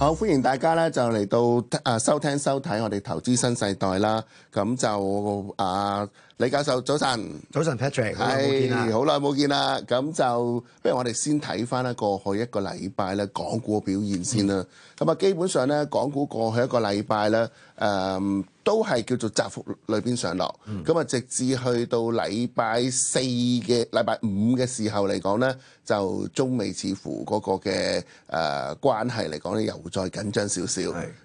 好，歡迎大家咧，就嚟到啊收聽收睇我哋投資新世代啦。咁就啊，李教授早晨，早晨 Patrick，係、哎、好耐冇見啦。咁就不如我哋先睇翻咧過去一個禮拜咧港股表現先啦。咁啊、嗯，基本上咧港股過去一個禮拜咧，誒、嗯，都係叫做窄幅裏邊上落，咁啊、嗯、直至去到禮拜四嘅禮拜五嘅時候嚟講呢，就中美似乎嗰個嘅誒、呃、關係嚟講呢，又再緊張少少，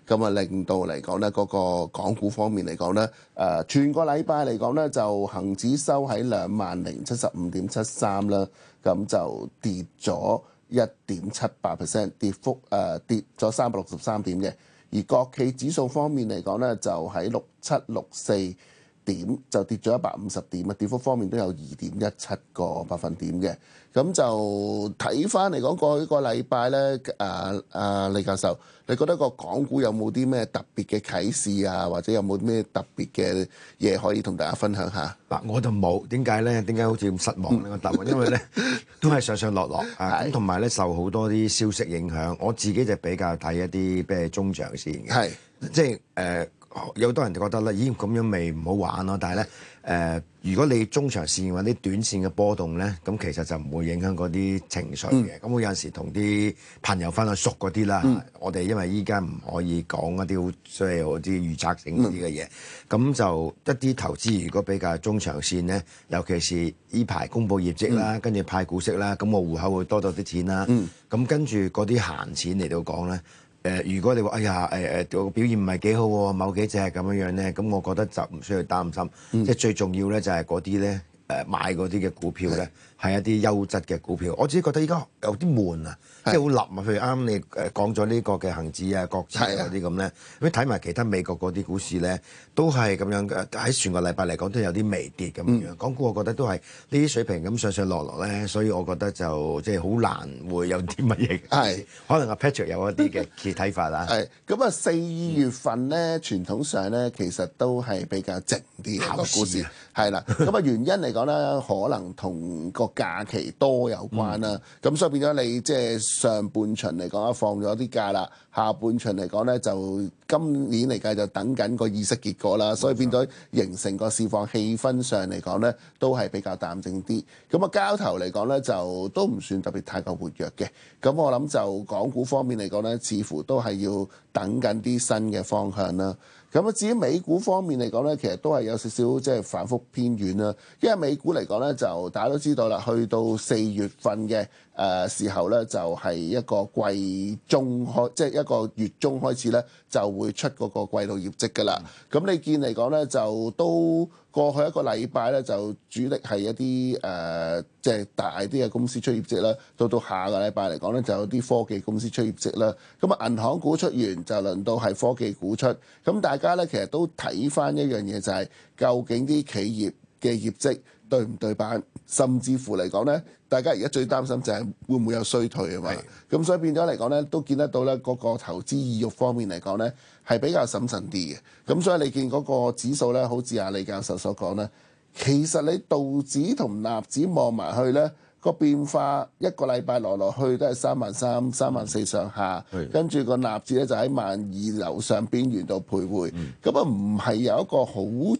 咁啊是令到嚟講呢，嗰、嗰個港股方面嚟講呢，誒、呃、全個禮拜嚟講呢，就恒指收喺兩萬零七十五點七三啦，咁就跌咗一點七八 percent，跌幅誒、呃、跌咗三百六十三點嘅。而國企指數方面嚟講咧，就喺六七六四點，就跌咗一百五十點啊！跌幅方面都有二點一七個百分點嘅。咁就睇翻嚟講過去個禮拜咧，誒啊李教授，你覺得個港股有冇啲咩特別嘅啟示啊？或者有冇咩特別嘅嘢可以同大家分享下？嗱，我就冇點解咧？點解好似咁失望咧？個答案因為咧。都係上上落落嚇，咁同埋咧，受好多啲消息影響，我自己就比較睇一啲咩中長線，嘅是，即係誒。呃有好多人就覺得咧，咦咁樣咪唔好玩咯？但係咧，誒、呃、如果你中長線或啲短線嘅波動咧，咁其實就唔會影響嗰啲情緒嘅。咁我、嗯、有陣時同啲朋友返去熟嗰啲啦，嗯、我哋因為依家唔可以講一啲好即係好啲預測性啲嘅嘢。咁、嗯、就一啲投資，如果比較中長線咧，尤其是依排公布業績啦，跟住、嗯、派股息啦，咁我戶口會多咗啲錢啦。咁跟住嗰啲閒錢嚟到講咧。誒、呃，如果你話，哎呀，誒、呃、誒、呃，表現唔係幾好喎，某幾隻係咁樣樣咧，咁我覺得就唔需要擔心，嗯、即係最重要咧就係嗰啲咧。誒買嗰啲嘅股票咧，係一啲優質嘅股票。我自己覺得依家有啲悶啊，即係好腍啊。譬如啱你誒講咗呢個嘅恒指啊、國指嗰啲咁咧，咁睇埋其他美國嗰啲股市咧，都係咁樣嘅。喺全個禮拜嚟講，都有啲微跌咁樣。港股我覺得都係呢啲水平咁上上落落咧，所以我覺得就即係好難會有啲乜嘢。係，可能阿 Patrick 有一啲嘅睇法啊。係。咁啊，四月份咧，傳統上咧，其實都係比較靜啲嘅股市。係啦。咁啊，原因嚟。講啦，可能同個假期多有關啦，咁、嗯、所以變咗你即係上半旬嚟講啊，放咗啲假啦，下半旬嚟講咧就。今年嚟計就等緊個意識結果啦，所以變咗形成個市況氣氛上嚟講咧，都係比較淡靜啲。咁啊，交投嚟講咧就都唔算特別太過活躍嘅。咁我諗就港股方面嚟講咧，似乎都係要等緊啲新嘅方向啦。咁啊，至於美股方面嚟講咧，其實都係有少少即係反覆偏軟啦。因為美股嚟講咧，就大家都知道啦，去到四月份嘅誒時候咧，就係一個季中開，即係一個月中開始咧就會。會出嗰個季度業績噶啦，咁你見嚟講呢，就都過去一個禮拜呢，就主力係一啲誒，即、呃、係、就是、大啲嘅公司出業績啦。到到下個禮拜嚟講呢，就有啲科技公司出業績啦。咁啊，銀行股出完就輪到係科技股出。咁大家呢，其實都睇返一樣嘢，就係、是、究竟啲企業嘅業績。對唔對板，甚至乎嚟講呢，大家而家最擔心就係會唔會有衰退啊嘛，咁是的 所以變咗嚟講呢，都見得到呢嗰個投資意欲方面嚟講呢，係比較審慎啲嘅。咁所以你見嗰個指數呢，好似阿李教授所講呢，其實你道指同納指望埋去呢。個變化一個禮拜來來去都係三萬三、三萬四上下，跟住、mm. 個納指咧就喺萬二樓上邊緣度徘徊，咁啊唔係有一個好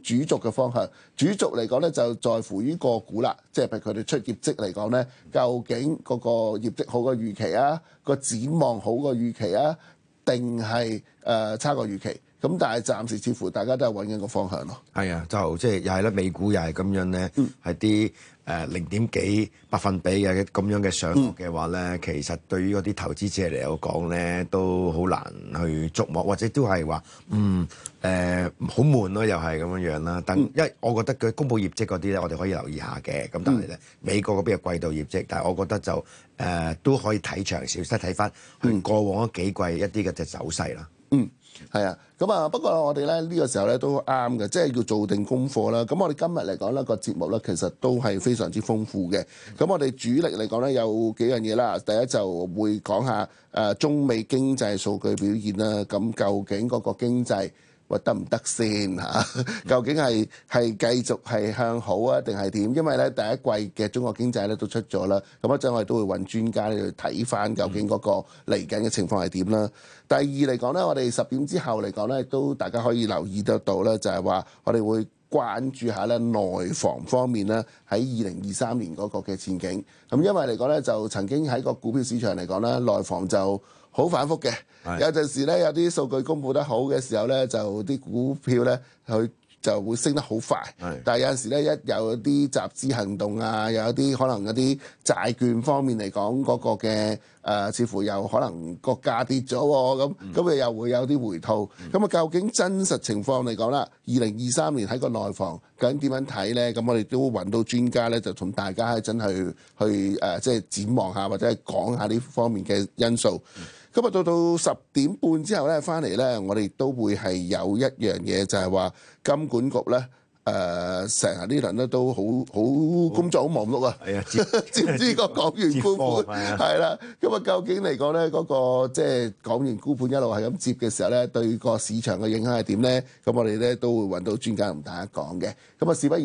主軸嘅方向。主軸嚟講呢就在乎於個股啦，即係譬如佢哋出業績嚟講呢，究竟嗰個業績好過預期啊，個展望好過預期啊，定係誒差過預期？咁但係暫時似乎大家都係揾緊個方向咯。係啊，就即係又係啦。美股又係咁樣咧，係啲誒零點幾百分比嘅咁樣嘅上浮嘅話咧，嗯、其實對於嗰啲投資者嚟講咧，都好難去捉摸，或者都係話嗯誒好、呃、悶咯，又係咁樣樣啦。但、嗯、因為我覺得佢公佈業績嗰啲咧，我哋可以留意下嘅。咁、嗯、但係咧，美國嗰邊嘅季度業績，但係我覺得就誒、呃、都可以睇長少少，睇翻佢過往嗰幾季一啲嘅隻走勢啦、嗯。嗯。嗯。係啊，咁啊，不過我哋咧，呢個時候咧，都啱嘅，即係要做定功課啦。咁我哋今日嚟講呢個節目咧，其實都係非常之豐富嘅。咁我哋主力嚟講咧，有幾樣嘢啦，第一就會講下誒中美經濟數據表現啦。咁究竟嗰個經濟？喂，得唔得先吓？ 究竟係係繼續係向好啊，定係點？因為咧第一季嘅中國經濟咧都出咗啦，咁一陣我哋都會揾專家去睇翻究竟嗰個嚟緊嘅情況係點啦。嗯、第二嚟講呢，我哋十點之後嚟講呢，都大家可以留意得到咧，就係話我哋會關注下咧內房方面咧喺二零二三年嗰個嘅前景，咁因為嚟講咧就曾經喺個股票市場嚟講咧內房就好反覆嘅是的，有陣時咧有啲數據公布得好嘅時候咧就啲股票咧去。就會升得好快，是的 但係有陣時呢，一有啲集資行動啊，有啲可能嗰啲債券方面嚟講嗰個嘅誒、呃，似乎又可能個價跌咗喎，咁咁佢又會有啲回吐，咁啊、嗯、究竟真實情況嚟講啦，二零二三年喺個內房究竟點樣睇呢？咁我哋都揾到專家呢，就同大家真係去誒、呃、即係展望下或者係講下呢方面嘅因素。嗯咁啊，到到十點半之後咧，翻嚟咧，我哋都會係有一樣嘢，就係話金管局咧，誒，成日呢輪咧都好好工作好忙碌啊！係啊，知唔知個港元沽盤？係啦，咁啊，究竟嚟講咧，嗰個即係港元沽盤一路係咁接嘅時候咧，對個市場嘅影響係點咧？咁我哋咧都會揾到專家同大家講嘅。咁啊，試不？